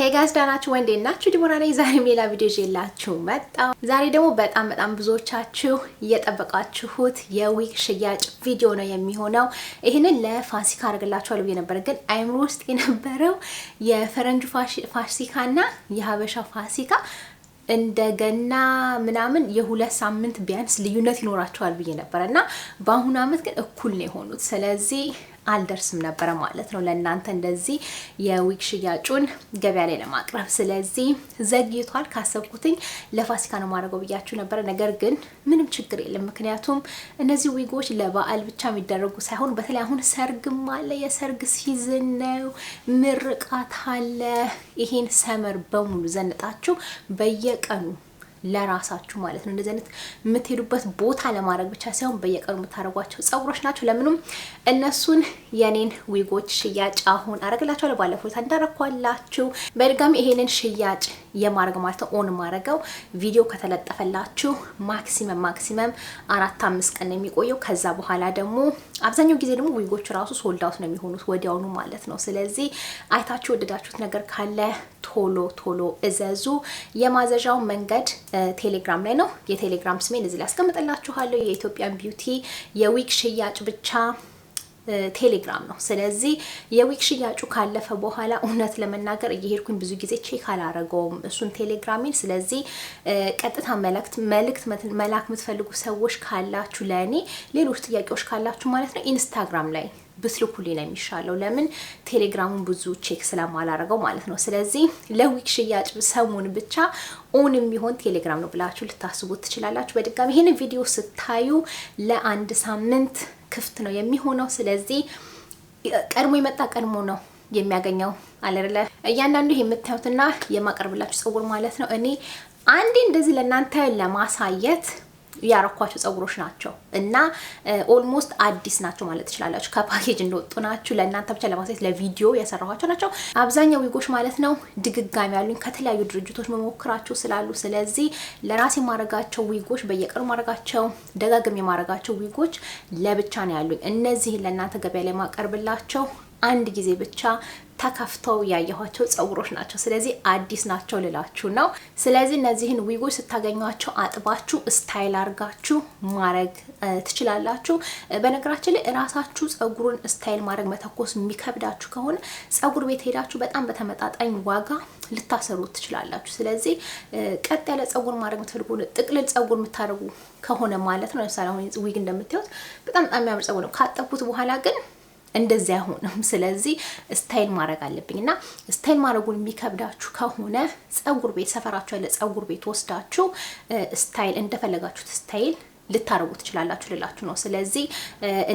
ሄይ ጋይስ ዳናችሁ ወንዴ ናችሁ? ዲቦራ ላይ ዛሬም ሌላ ቪዲዮ ይዤላችሁ መጣሁ። ዛሬ ደግሞ በጣም በጣም ብዙዎቻችሁ እየጠበቃችሁት የዊግ ሽያጭ ቪዲዮ ነው የሚሆነው። ይህንን ለፋሲካ አድርግላችኋለሁ ብዬ ነበር፣ ግን አይምሮ ውስጥ የነበረው የፈረንጁ ፋሲካና የሀበሻ ፋሲካ እንደገና ምናምን የሁለት ሳምንት ቢያንስ ልዩነት ይኖራቸዋል ብዬ ነበር እና በአሁኑ ዓመት ግን እኩል ነው የሆኑት። ስለዚህ አልደርስም ነበረ ማለት ነው ለእናንተ እንደዚህ የዊግ ሽያጩን ገበያ ላይ ለማቅረብ። ስለዚህ ዘግይቷል። ካሰብኩትኝ ለፋሲካ ነው ማድረገው ብያችሁ ነበረ። ነገር ግን ምንም ችግር የለም። ምክንያቱም እነዚህ ዊጎች ለበዓል ብቻ የሚደረጉ ሳይሆን በተለይ አሁን ሰርግም አለ፣ የሰርግ ሲዝን ነው፣ ምርቃት አለ። ይሄን ሰመር በሙሉ ዘንጣችሁ በየቀኑ ለራሳችሁ ማለት ነው። እንደዚህ አይነት የምትሄዱበት ቦታ ለማድረግ ብቻ ሳይሆን በየቀኑ የምታደርጓቸው ጸጉሮች ናቸው። ለምንም እነሱን የኔን ዊጎች ሽያጭ አሁን አረግላችኋለሁ። ባለፈው እንዳረኳላችሁ በድጋሚ ይሄንን ሽያጭ የማድረግ ማለት ነው ኦን ማድረገው ቪዲዮ ከተለጠፈላችሁ ማክሲመም ማክሲመም አራት አምስት ቀን ነው የሚቆየው። ከዛ በኋላ ደግሞ አብዛኛው ጊዜ ደግሞ ዊጎች ራሱ ሶልዳውት ነው የሚሆኑት ወዲያውኑ ማለት ነው። ስለዚህ አይታችሁ የወደዳችሁት ነገር ካለ ቶሎ ቶሎ እዘዙ። የማዘዣው መንገድ ቴሌግራም ላይ ነው። የቴሌግራም ስሜን እዚህ ላይ ያስቀምጥላችኋለሁ። የኢትዮጵያን ቢዩቲ የዊክ ሽያጭ ብቻ ቴሌግራም ነው። ስለዚህ የዊክ ሽያጩ ካለፈ በኋላ እውነት ለመናገር እየሄድኩኝ ብዙ ጊዜ ቼክ አላረገውም እሱን ቴሌግራሚን። ስለዚህ ቀጥታ መልእክት መልእክት መላክ የምትፈልጉ ሰዎች ካላችሁ ለእኔ ሌሎች ጥያቄዎች ካላችሁ ማለት ነው ኢንስታግራም ላይ ብስልኩልኝ ነው የሚሻለው። ለምን ቴሌግራሙን ብዙ ቼክ ስለማላረገው ማለት ነው። ስለዚህ ለዊክ ሽያጭ ሰሙን ብቻ ኦን የሚሆን ቴሌግራም ነው ብላችሁ ልታስቡት ትችላላችሁ። በድጋሚ ይህን ቪዲዮ ስታዩ ለአንድ ሳምንት ክፍት ነው የሚሆነው። ስለዚህ ቀድሞ የመጣ ቀድሞ ነው የሚያገኘው አለርለ እያንዳንዱ የምታዩትና የማቀርብላችሁ ጸጉር ማለት ነው እኔ አንዴ እንደዚህ ለእናንተ ለማሳየት ያረኳቸው ጸጉሮች ናቸው እና ኦልሞስት አዲስ ናቸው ማለት ትችላላችሁ። ከፓኬጅ እንደወጡ ናችሁ። ለእናንተ ብቻ ለማሳየት ለቪዲዮ ያሰራኋቸው ናቸው። አብዛኛው ዊጎች ማለት ነው ድግጋሚ ያሉኝ ከተለያዩ ድርጅቶች መሞክራቸው ስላሉ፣ ስለዚህ ለራሴ ማድረጋቸው ዊጎች፣ በየቀኑ ማድረጋቸው፣ ደጋግሜ ማድረጋቸው ዊጎች ለብቻ ነው ያሉኝ። እነዚህን ለእናንተ ገበያ ላይ ማቀርብላቸው አንድ ጊዜ ብቻ ተከፍተው ያየኋቸው ጸጉሮች ናቸው። ስለዚህ አዲስ ናቸው ልላችሁ ነው። ስለዚህ እነዚህን ዊጎች ስታገኟቸው አጥባችሁ ስታይል አድርጋችሁ ማድረግ ትችላላችሁ። በነገራችን ላይ እራሳችሁ ጸጉሩን ስታይል ማድረግ መተኮስ የሚከብዳችሁ ከሆነ ጸጉር ቤት ሄዳችሁ በጣም በተመጣጣኝ ዋጋ ልታሰሩ ትችላላችሁ። ስለዚህ ቀጥ ያለ ጸጉር ማድረግ የምትፈልጉ ጥቅልል ጸጉር የምታደርጉ ከሆነ ማለት ነው። ለምሳሌ አሁን ዊግ እንደምታዩት በጣም በጣም የሚያምር ጸጉር ነው። ካጠብኩት በኋላ ግን እንደዚህ አይሆንም። ስለዚህ ስታይል ማድረግ አለብኝ እና ስታይል ማድረጉን የሚከብዳችሁ ከሆነ ጸጉር ቤት ሰፈራችሁ ያለ ጸጉር ቤት ወስዳችሁ ስታይል እንደፈለጋችሁት ስታይል ልታረጉ ትችላላችሁ ልላችሁ ነው። ስለዚህ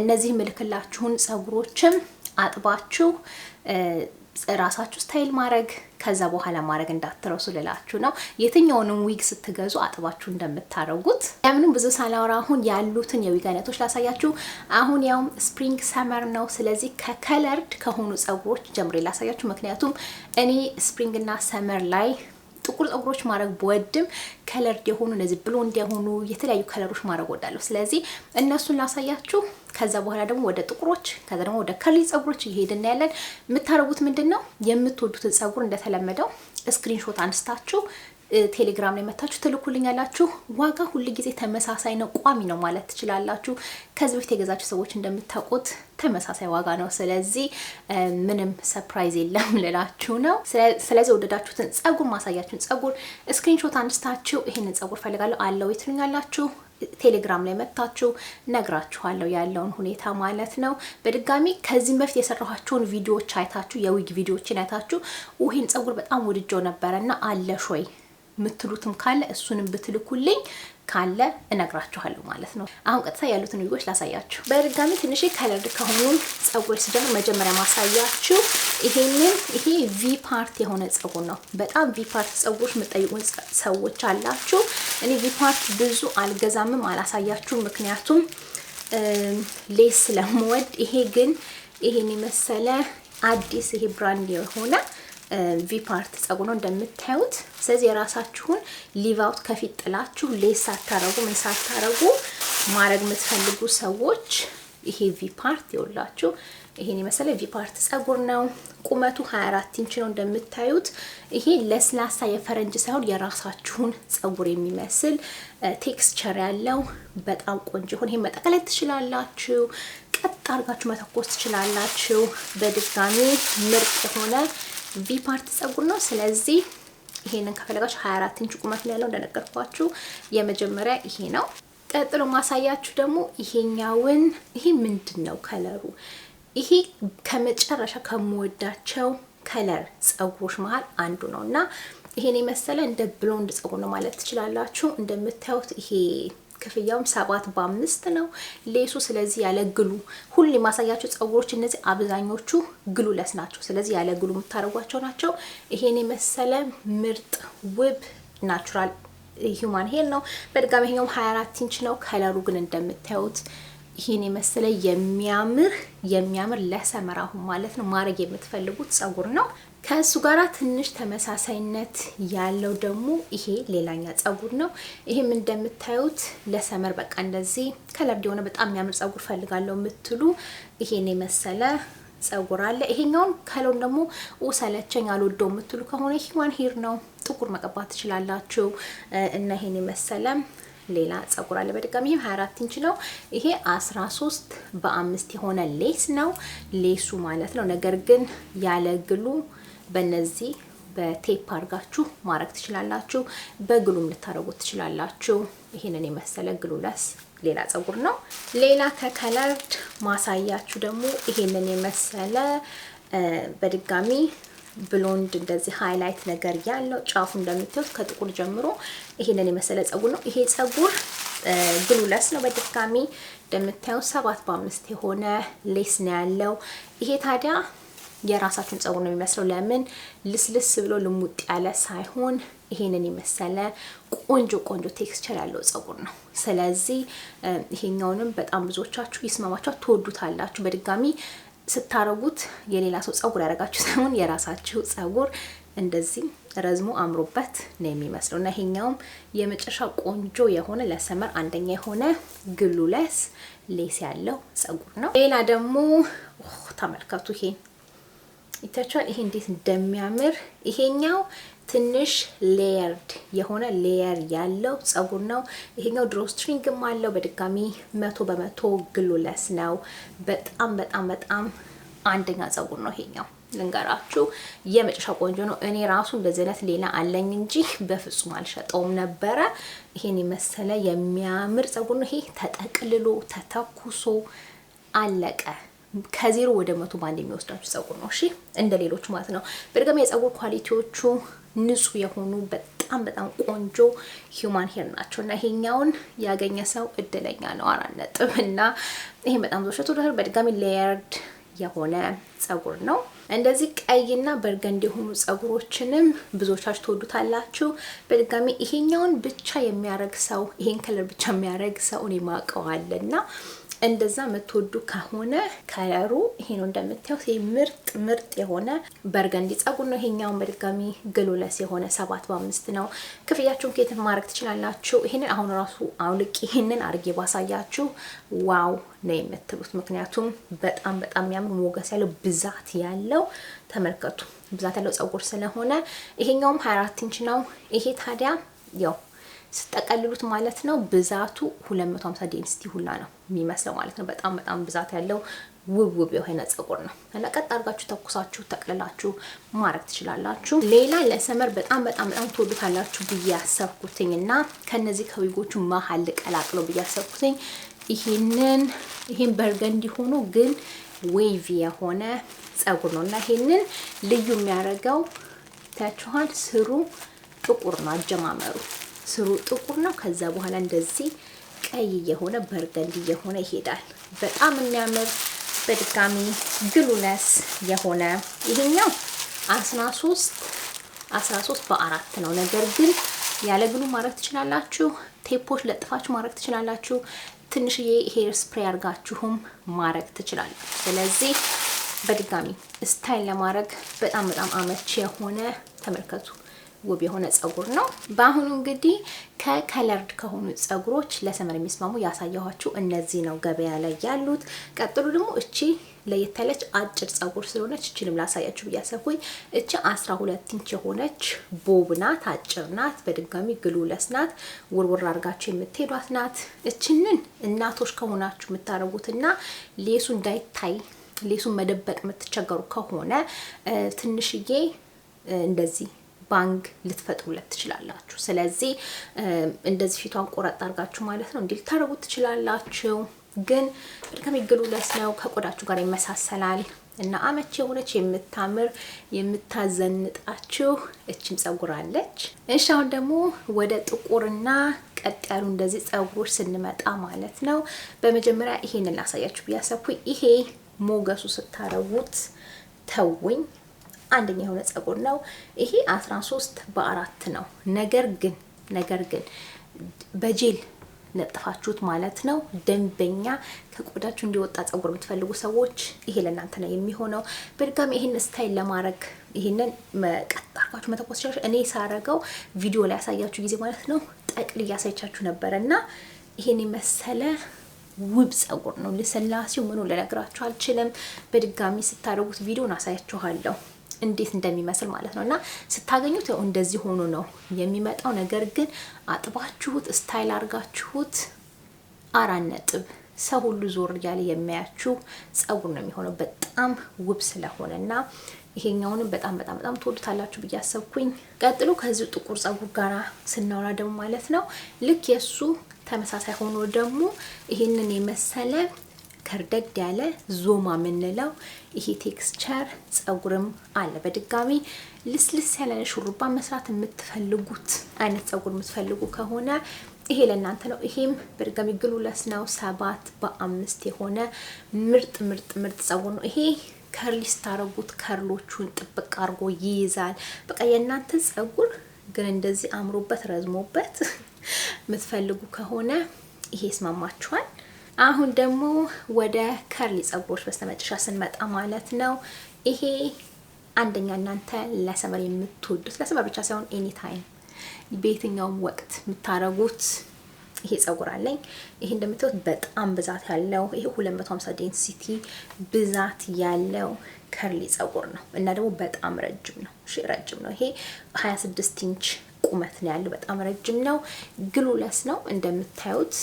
እነዚህ ምልክላችሁን ጸጉሮችም አጥባችሁ ራሳችሁ ስታይል ማድረግ ከዛ በኋላ ማድረግ እንዳትረሱ ልላችሁ ነው። የትኛውንም ዊግ ስትገዙ አጥባችሁ እንደምታደርጉት ለምንም ብዙ ሳላወራ አሁን ያሉትን የዊግ አይነቶች ላሳያችሁ። አሁን ያውም ስፕሪንግ ሰመር ነው። ስለዚህ ከከለርድ ከሆኑ ጸጉሮች ጀምሬ ላሳያችሁ። ምክንያቱም እኔ ስፕሪንግ እና ሰመር ላይ ጥቁር ጸጉሮች ማድረግ ብወድም ከለርድ የሆኑ እነዚህ ብሎንድ የሆኑ የተለያዩ ከለሮች ማድረግ ወዳለሁ። ስለዚህ እነሱን ላሳያችሁ። ከዛ በኋላ ደግሞ ወደ ጥቁሮች፣ ከዛ ደግሞ ወደ ከርሊ ጸጉሮች እየሄድን ያለን። የምታደርጉት ምንድን ነው? የምትወዱትን ጸጉር እንደተለመደው ስክሪንሾት አንስታችሁ ቴሌግራም ላይ መታችሁ ትልኩልኛላችሁ። ዋጋ ሁል ጊዜ ተመሳሳይ ነው፣ ቋሚ ነው ማለት ትችላላችሁ። ከዚህ በፊት የገዛችሁ ሰዎች እንደምታውቁት ተመሳሳይ ዋጋ ነው። ስለዚህ ምንም ሰፕራይዝ የለም ልላችሁ ነው። ስለዚህ ወደዳችሁትን ጸጉር ማሳያችሁን ጸጉር ስክሪንሾት አንስታችሁ ይህንን ጸጉር ፈልጋለሁ አለው የትሉኛላችሁ ቴሌግራም ላይ መጥታችሁ ነግራችኋለሁ ያለውን ሁኔታ ማለት ነው። በድጋሚ ከዚህም በፊት የሰራኋቸውን ቪዲዮዎች አይታችሁ የዊግ ቪዲዮዎችን አይታችሁ ውሂን ጸጉር በጣም ውድጆ ነበረ እና አለሽ ወይ የምትሉትም ካለ እሱንም ብትልኩልኝ ካለ እነግራችኋለሁ ማለት ነው። አሁን ቀጥታ ያሉትን ዊጎች ላሳያችሁ። በድጋሚ ትንሽ ከለርድ ከሆኑ ጸጉሮች ስጀምር መጀመሪያ ማሳያችሁ ይሄንን ይሄ ቪ ፓርት የሆነ ጸጉር ነው። በጣም ቪ ፓርት ጸጉሮች የምጠይቁን ሰዎች አላችሁ። እኔ ቪ ፓርት ብዙ አልገዛምም አላሳያችሁ ምክንያቱም ሌስ ስለምወድ። ይሄ ግን ይሄን የመሰለ አዲስ ይሄ ብራንድ የሆነ ቪ ፓርት ጸጉር ነው እንደምታዩት። ስለዚህ የራሳችሁን ሊቭ አውት ከፊት ጥላችሁ ሌስ ሳታረጉ ምን ሳታረጉ ማድረግ የምትፈልጉ ሰዎች ይሄ ቪ ፓርት ይወላችሁ ይሄን የመሰለ ቪ ፓርት ጸጉር ነው። ቁመቱ 24 ኢንች ነው እንደምታዩት። ይሄ ለስላሳ የፈረንጅ ሳይሆን የራሳችሁን ጸጉር የሚመስል ቴክስቸር ያለው በጣም ቆንጆ ይሆን። ይሄን መጠቀለል ትችላላችሁ፣ ቀጥ አድርጋችሁ መተኮስ ትችላላችሁ። በድጋሚ ምርጥ የሆነ ቪ ፓርት ጸጉር ነው። ስለዚህ ይሄንን ከፈለጋችሁ 24 ኢንች ቁመት ያለው እንደነገርኳችሁ የመጀመሪያ ይሄ ነው። ቀጥሎ ማሳያችሁ ደግሞ ይሄኛውን። ይሄ ምንድን ነው ከለሩ? ይሄ ከመጨረሻ ከምወዳቸው ከለር ጸጉሮች መሀል አንዱ ነው እና ይሄን የመሰለ እንደ ብሎንድ ጸጉር ነው ማለት ትችላላችሁ። እንደምታዩት ይሄ ክፍያውም ሰባት በአምስት ነው ሌሱ። ስለዚህ ያለ ግሉ ሁሌ የማሳያቸው ጸጉሮች እነዚህ አብዛኞቹ ግሉለስ ናቸው። ስለዚህ ያለ ግሉ የምታደርጓቸው ናቸው። ይሄን የመሰለ ምርጥ ውብ ናቹራል ሂውማን ሄር ነው። በድጋሚ ይሄኛውም 24 ኢንች ነው። ከለሩ ግን እንደምታዩት ይህን የመሰለ የሚያምር የሚያምር ለሰመራሁን ማለት ነው ማድረግ የምትፈልጉት ጸጉር ነው። ከእሱ ጋራ ትንሽ ተመሳሳይነት ያለው ደግሞ ይሄ ሌላኛ ጸጉር ነው። ይህም እንደምታዩት ለሰመር በቃ እንደዚህ ከለር የሆነ በጣም የሚያምር ጸጉር ፈልጋለሁ የምትሉ ይሄን የመሰለ ጸጉር አለ። ይሄኛውን ከለውን ደግሞ ውሰለቸኝ አልወደው የምትሉ ከሆነ ሂዋን ሂር ነው፣ ጥቁር መቀባት ትችላላችሁ። እና ይሄን የመሰለ ሌላ ጸጉር አለ። በድጋሚ ይሄም 24 ኢንች ነው። ይሄ 13 በአምስት የሆነ ሌስ ነው ሌሱ ማለት ነው። ነገር ግን ያለ ግሉ በነዚህ በቴፕ አድርጋችሁ ማድረግ ትችላላችሁ። በግሉም ልታደርጉት ትችላላችሁ። ይህንን የመሰለ ግሉለስ ሌላ ጸጉር ነው። ሌላ ከከለርድ ማሳያችሁ ደግሞ ይህንን የመሰለ በድጋሚ ብሎንድ እንደዚህ ሃይላይት ነገር ያለው ጫፉ እንደምታዩት ከጥቁር ጀምሮ ይሄንን የመሰለ ጸጉር ነው። ይሄ ጸጉር ግሉለስ ነው። በድጋሚ እንደምታዩ ሰባት በአምስት የሆነ ሌስ ነው ያለው። ይሄ ታዲያ የራሳችሁን ጸጉር ነው የሚመስለው። ለምን ልስልስ ብሎ ልሙጥ ያለ ሳይሆን ይሄንን የመሰለ ቆንጆ ቆንጆ ቴክስቸር ያለው ጸጉር ነው። ስለዚህ ይሄኛውንም በጣም ብዙዎቻችሁ ይስማማችኋል፣ ትወዱታላችሁ። በድጋሚ ስታረጉት የሌላ ሰው ጸጉር ያደረጋችሁ ሳይሆን የራሳችሁ ጸጉር እንደዚህ ረዝሞ አምሮበት ነው የሚመስለው እና ይሄኛውም የመጨረሻ ቆንጆ የሆነ ለሰመር አንደኛ የሆነ ግሉለስ ሌስ ያለው ጸጉር ነው። ሌላ ደግሞ ተመልከቱ ይሄን ይታችኋል። ይሄ እንዴት እንደሚያምር ይሄኛው ትንሽ ሌየርድ የሆነ ሌየር ያለው ጸጉር ነው። ይሄኛው ድሮ ስትሪንግም አለው። በድጋሚ መቶ በመቶ ግሉለስ ነው። በጣም በጣም በጣም አንደኛ ጸጉር ነው ይሄኛው። ልንገራችሁ የመጨረሻ ቆንጆ ነው። እኔ ራሱ እንደዚህ አይነት ሌላ አለኝ እንጂ በፍጹም አልሸጠውም ነበረ። ይሄን የመሰለ የሚያምር ጸጉር ነው። ይሄ ተጠቅልሎ ተተኩሶ አለቀ። ከዜሮ ወደ መቶ በአንድ የሚወስዳችሁ ጸጉር ነው። እሺ እንደ ሌሎች ማለት ነው። በድጋሚ የጸጉር ኳሊቲዎቹ ንጹህ የሆኑ በጣም በጣም ቆንጆ ሂውማን ሄር ናቸው እና ይሄኛውን ያገኘ ሰው እድለኛ ነው። አራት ነጥብ እና ይሄን በጣም ዞሸቶ ደህል በድጋሚ ሌየርድ የሆነ ጸጉር ነው። እንደዚህ ቀይና በርገንድ የሆኑ ጸጉሮችንም ብዙዎቻችሁ ትወዱታላችሁ። በድጋሚ ይሄኛውን ብቻ የሚያረግ ሰው ይሄን ከለር ብቻ የሚያረግ ሰው እኔ ማውቀዋለሁ እና እንደዛ የምትወዱ ከሆነ ከለሩ ይሄ ነው እንደምታዩት። ይሄ ምርጥ ምርጥ የሆነ በርገንዲ ጸጉር ነው። ይሄኛውን በድጋሚ ግሉለስ የሆነ ሰባት በአምስት ነው። ክፍያችሁን ከየት ማድረግ ትችላላችሁ? ይህንን አሁን ራሱ አውልቅ ይህንን አርጌ ባሳያችሁ ዋው ነው የምትሉት። ምክንያቱም በጣም በጣም የሚያምር ሞገስ ያለው ብዛት ያለው ተመልከቱ፣ ብዛት ያለው ጸጉር ስለሆነ ይሄኛውም 24 ኢንች ነው። ይሄ ታዲያ ያው ስጠቀልሉት ማለት ነው ብዛቱ 250 ዴንስቲ ሁላ ነው የሚመስለው ማለት ነው። በጣም በጣም ብዛት ያለው ውብ ውብ የሆነ ጸጉር ነው እና ቀጥ አድርጋችሁ ተኩሳችሁ ተቅልላችሁ ማድረግ ትችላላችሁ። ሌላ ለሰመር በጣም በጣም በጣም ትወዱታላችሁ ብዬ ያሰብኩትኝ እና ከነዚህ ከዊጎቹ መሀል ቀላቅሎ ብዬ ያሰብኩትኝ ይሄንን ይሄን በርገ እንዲሆኑ ግን ዌይቪ የሆነ ጸጉር ነው እና ይሄንን ልዩ የሚያደርገው ታችኋል ስሩ ጥቁር ነው አጀማመሩ ስሩ ጥቁር ነው። ከዛ በኋላ እንደዚህ ቀይ እየሆነ በርገንድ እየሆነ ይሄዳል። በጣም የሚያምር በድጋሚ ግሉነስ የሆነ ይሄኛው አስራ ሶስት አስራ ሶስት በአራት ነው። ነገር ግን ያለ ግሉ ማድረግ ትችላላችሁ። ቴፖች ለጥፋችሁ ማድረግ ትችላላችሁ። ትንሽዬ ሄር ስፕሬይ አድርጋችሁም ማድረግ ትችላላችሁ። ስለዚህ በድጋሚ ስታይል ለማድረግ በጣም በጣም አመቺ የሆነ ተመልከቱ። ውብ የሆነ ጸጉር ነው። በአሁኑ እንግዲህ ከከለርድ ከሆኑ ጸጉሮች ለሰመር የሚስማሙ ያሳየኋችሁ እነዚህ ነው ገበያ ላይ ያሉት። ቀጥሉ ደግሞ እቺ ለየት ያለች አጭር ጸጉር ስለሆነች እችንም ላሳያችሁ ብያሰብኩኝ። እቺ አስራ ሁለት ኢንች የሆነች ቦብ ናት፣ አጭር ናት። በድጋሚ ግሉለስ ናት፣ ውርውር አድርጋችሁ የምትሄዷት ናት። እችንን እናቶች ከሆናችሁ የምታደርጉትና ሌሱ እንዳይታይ ሌሱን መደበቅ የምትቸገሩ ከሆነ ትንሽዬ እንደዚህ ባንክ ልትፈጥሩለት ትችላላችሁ። ስለዚህ እንደዚህ ፊቷን ቆረጥ አድርጋችሁ ማለት ነው እንዲል ታደርጉት ትችላላችሁ። ግን በድካም ይግሉለት ነው ከቆዳችሁ ጋር ይመሳሰላል እና አመቺ የሆነች የምታምር የምታዘንጣችሁ እችም ጸጉር አለች። እሺ አሁን ደግሞ ወደ ጥቁርና ቀጥ ያሉ እንደዚህ ጸጉሮች ስንመጣ ማለት ነው በመጀመሪያ ይሄንን ላሳያችሁ ብዬ ይሄ ሞገሱ ስታረጉት ተውኝ አንደኛ የሆነ ጸጉር ነው። ይሄ 13 በአራት ነው። ነገር ግን ነገር ግን በጄል ለጥፋችሁት ማለት ነው። ደንበኛ ከቆዳችሁ እንዲወጣ ጸጉር የምትፈልጉ ሰዎች ይሄ ለእናንተ ነው የሚሆነው። በድጋሚ ይህን ስታይል ለማድረግ ይህንን ቀጥ አድርጋችሁ መተኮስ እኔ ሳረገው ቪዲዮ ላይ ያሳያችሁ ጊዜ ማለት ነው ጠቅል ያሳያችሁ ነበረ እና ይሄን የመሰለ ውብ ጸጉር ነው። ልስላሴው ምኑ ልነግራችሁ አልችልም። በድጋሚ ስታደርጉት ቪዲዮን አሳያችኋለሁ። እንዴት እንደሚመስል ማለት ነው። እና ስታገኙት ያው እንደዚህ ሆኖ ነው የሚመጣው። ነገር ግን አጥባችሁት ስታይል አድርጋችሁት አራት ነጥብ ሰው ሁሉ ዞር እያለ የሚያያችሁ ጸጉር ነው የሚሆነው በጣም ውብ ስለሆነ እና ይሄኛውንም በጣም በጣም በጣም ትወዱታላችሁ ብዬ አሰብኩኝ። ቀጥሎ ከዚሁ ጥቁር ጸጉር ጋር ስናወራ ደግሞ ማለት ነው ልክ የእሱ ተመሳሳይ ሆኖ ደግሞ ይህንን የመሰለ ከርደድ ያለ ዞማ የምንለው ይሄ ቴክስቸር ጸጉርም አለ። በድጋሚ ልስልስ ያለ ሹሩባ መስራት የምትፈልጉት አይነት ጸጉር የምትፈልጉ ከሆነ ይሄ ለእናንተ ነው። ይሄም በድጋሚ ግሉለስ ነው። ሰባት በአምስት የሆነ ምርጥ ምርጥ ምርጥ ጸጉር ነው ይሄ ከርሊ ስታረጉት ከርሎቹን ጥብቅ አድርጎ ይይዛል። በቃ የእናንተ ጸጉር ግን እንደዚህ አምሮበት ረዝሞበት የምትፈልጉ ከሆነ ይሄ ይስማማችኋል። አሁን ደግሞ ወደ ከርሊ ጸጉሮች በስተመጨረሻ ስንመጣ ማለት ነው ይሄ አንደኛ እናንተ ለሰመር የምትወዱት ለሰመር ብቻ ሳይሆን ኤኒ ታይም በየትኛውም ወቅት የምታደርጉት ይሄ ጸጉር አለኝ። ይሄ እንደምታዩት በጣም ብዛት ያለው ይሄ 250 ዴንሲቲ ብዛት ያለው ከርሊ ጸጉር ነው እና ደግሞ በጣም ረጅም ነው። እሺ ረጅም ነው። ይሄ 26 ኢንች ቁመት ነው ያለው። በጣም ረጅም ነው። ግሉለስ ነው እንደምታዩት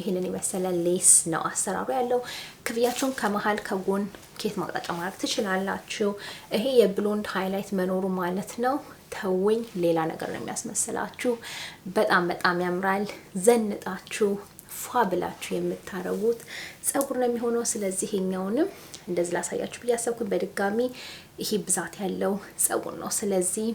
ይህንን የመሰለ ሌስ ነው አሰራሩ ያለው። ክፍያችሁን ከመሀል ከጎን ኬት ማቅጣጫ ማድረግ ትችላላችሁ። ይሄ የብሎንድ ሃይላይት መኖሩ ማለት ነው። ተውኝ፣ ሌላ ነገር ነው የሚያስመስላችሁ። በጣም በጣም ያምራል። ዘንጣችሁ ፏ ብላችሁ የምታረጉት ጸጉር ነው የሚሆነው። ስለዚህ ኛውንም እንደዚህ ላሳያችሁ ብዬ ያሰብኩት በድጋሚ ይሄ ብዛት ያለው ጸጉር ነው። ስለዚህ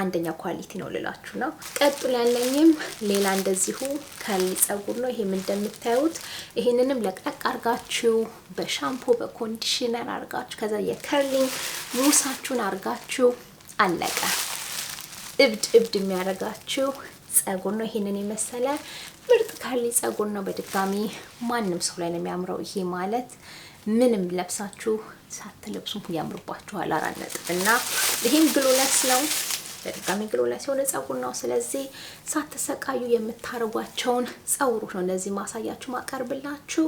አንደኛ ኳሊቲ ነው ልላችሁ ነው። ቀጥሎ ያለኝም ሌላ እንደዚሁ ከሊ ጸጉር ነው። ይሄም እንደምታዩት ይሄንንም ለቅለቅ አርጋችሁ በሻምፖ በኮንዲሽነር አርጋችሁ ከዛ የከርሊንግ ሙሳችሁን አርጋችሁ አለቀ። እብድ እብድ የሚያደርጋችሁ ጸጉር ነው። ይሄንን የመሰለ ምርጥ ከርሊ ጸጉር ነው። በድጋሚ ማንም ሰው ላይ ነው የሚያምረው። ይሄ ማለት ምንም ለብሳችሁ ሳትለብሱ ያምርባችኋል። አራት ነጥብ እና ይህም ግሎለስ ነው። በድጋሚ ግሎላ ሲሆነ ጸጉር ነው። ስለዚህ ሳትሰቃዩ የምታርጓቸውን ጸጉሮች ነው እነዚህ ማሳያችሁ ማቀርብላችሁ።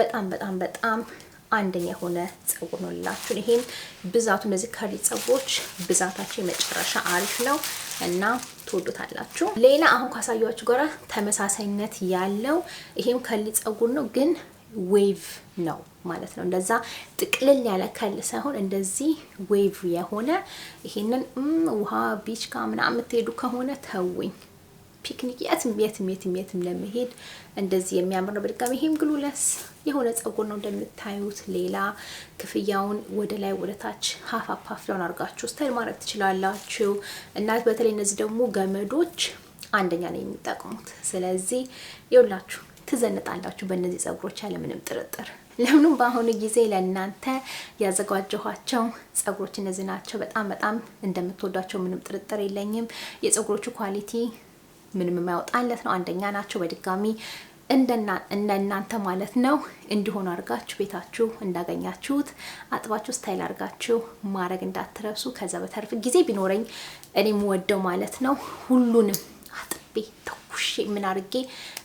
በጣም በጣም በጣም አንደኛ የሆነ ጸጉር ነው ልላችሁን። ይሄም ብዛቱ እነዚህ ከሪ ጸጉሮች ብዛታቸው የመጨረሻ አሪፍ ነው እና ትወዱታላችሁ። ሌላ አሁን ካሳያችሁ ጋራ ተመሳሳይነት ያለው ይሄም ከሊ ጸጉር ነው ግን ዌቭ ነው ማለት ነው። እንደዛ ጥቅልል ያለ ከል ሳይሆን እንደዚህ ዌቭ የሆነ ይሄንን ውሃ ቢች ጋ ምናምን የምትሄዱ ከሆነ ተውኝ። ፒክኒክ የትም የትም የትም የትም ለመሄድ እንደዚህ የሚያምር ነው። በድጋሚ ይሄም ግሉለስ የሆነ ጸጉር ነው እንደምታዩት። ሌላ ክፍያውን ወደ ላይ ወደ ታች ሀፍ ሀፍ አድርጋችሁ ስታይል ማድረግ ትችላላችሁ። እና በተለይ እነዚህ ደግሞ ገመዶች አንደኛ ነው የሚጠቅሙት። ስለዚህ ይውላችሁ ትዘንጣላችሁ በእነዚህ ጸጉሮች ያለምንም ጥርጥር። ለምንም በአሁኑ ጊዜ ለእናንተ ያዘጋጀኋቸው ጸጉሮች እነዚህ ናቸው። በጣም በጣም እንደምትወዷቸው ምንም ጥርጥር የለኝም። የጸጉሮቹ ኳሊቲ ምንም የማያወጣለት ነው። አንደኛ ናቸው። በድጋሚ እንደናንተ ማለት ነው እንዲሆኑ አድርጋችሁ ቤታችሁ እንዳገኛችሁት አጥባችሁ ስታይል አድርጋችሁ ማድረግ እንዳትረሱ። ከዛ በተረፍ ጊዜ ቢኖረኝ እኔ ወደው ማለት ነው ሁሉንም ተኩሼ ምን አድርጌ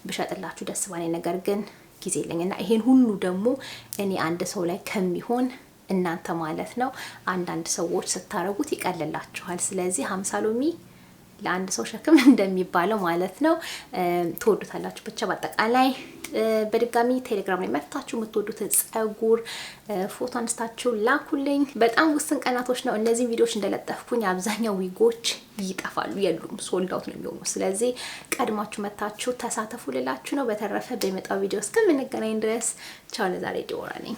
ብሸጥላችሁ ደስ ባለኝ፣ ነገር ግን ጊዜ የለኝና ይሄን ሁሉ ደግሞ እኔ አንድ ሰው ላይ ከሚሆን እናንተ ማለት ነው አንዳንድ ሰዎች ስታረጉት ይቀልላችኋል። ስለዚህ ሀምሳ ሎሚ ለአንድ ሰው ሸክም እንደሚባለው ማለት ነው ትወዱታላችሁ። ብቻ በአጠቃላይ በድጋሚ ቴሌግራም ላይ መጥታችሁ የምትወዱትን ጸጉር ፎቶ አንስታችሁ ላኩልኝ። በጣም ውስን ቀናቶች ነው እነዚህን ቪዲዮዎች እንደለጠፍኩኝ አብዛኛው ዊጎች ይጠፋሉ፣ የሉም፣ ሶልዳውት ነው የሚሆኑ። ስለዚህ ቀድማችሁ መታችሁ ተሳተፉ ልላችሁ ነው። በተረፈ በመጣው ቪዲዮ እስከምንገናኝ ድረስ ቻው። ለዛሬ ዲቦራ ነኝ።